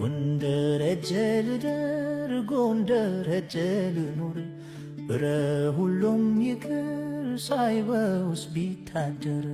ጎንደር ሄጄ ልደር ጎንደር ሄጄ ልኑር ብረ ሁሉም ይቅር ሳይበውስ ቢታደር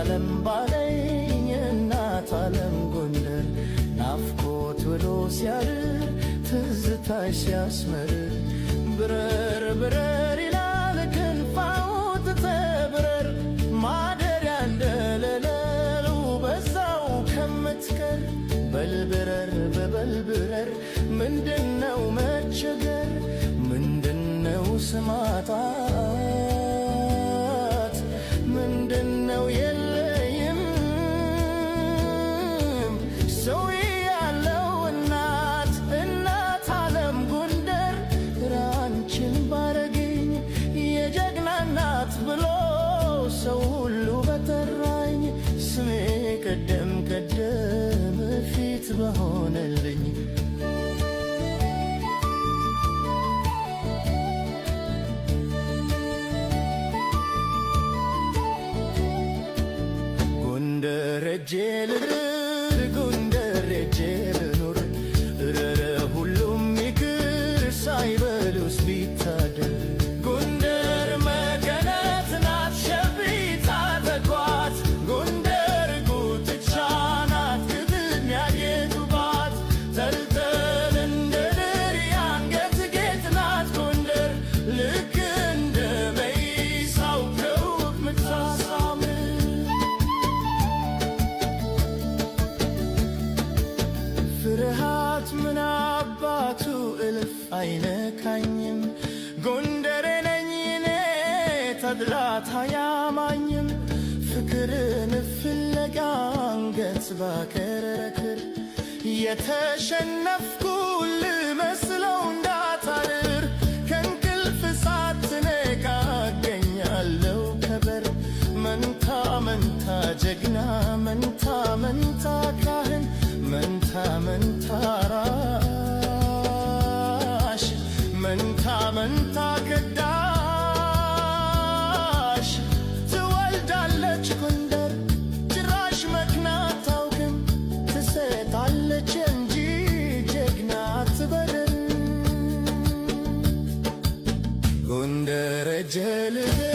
አለም ባለኝ እናት አለም ጎንደር ናፍቆት ብሎ ሲያድር ትዝታ ሲያስመርር ብረር ብረር ይላል ክንፋው ትተብረር ማደሪያ እንደለለሉ በዛው ከምትቀር በልብረር በበልብረር ምንድነው መቸገር ምንድነው ስማጣ ሰው ሁሉ በጠራኝ ስሜ ቀደም ቀደም ፊት በሆነልኝ ጎንደር ሄጄ ልድረስ አይነካኝም። ጎንደሬ ነኝ እኔ ተድላት አያማኝም። ፍቅርን ፍለጋ አንገት ባከረክር የተሸነፍኩ መንታ መንታ ገዳሽ ትወልዳለች ጎንደር ጭራሽ መክና ታውቅም ትሰጣለች እንጂ ጀግና ትበድል ጎንደር ጀልብ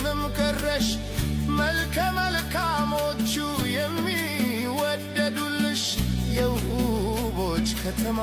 እንደምንም ቀረሽ መልከ መልካሞቹ የሚወደዱልሽ የውቦች ከተማ